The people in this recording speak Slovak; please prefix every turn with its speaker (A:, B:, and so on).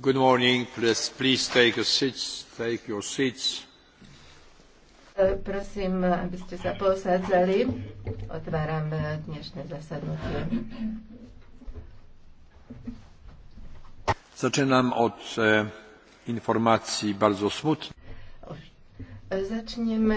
A: Good morning. Please, please take, a seat, take your seats.
B: E, prosím, aby ste sa posadzali. Otváram e, dnešné zasadnutie.
C: Zaczynam od e, bardzo smutnych.
D: E, Zaczniemy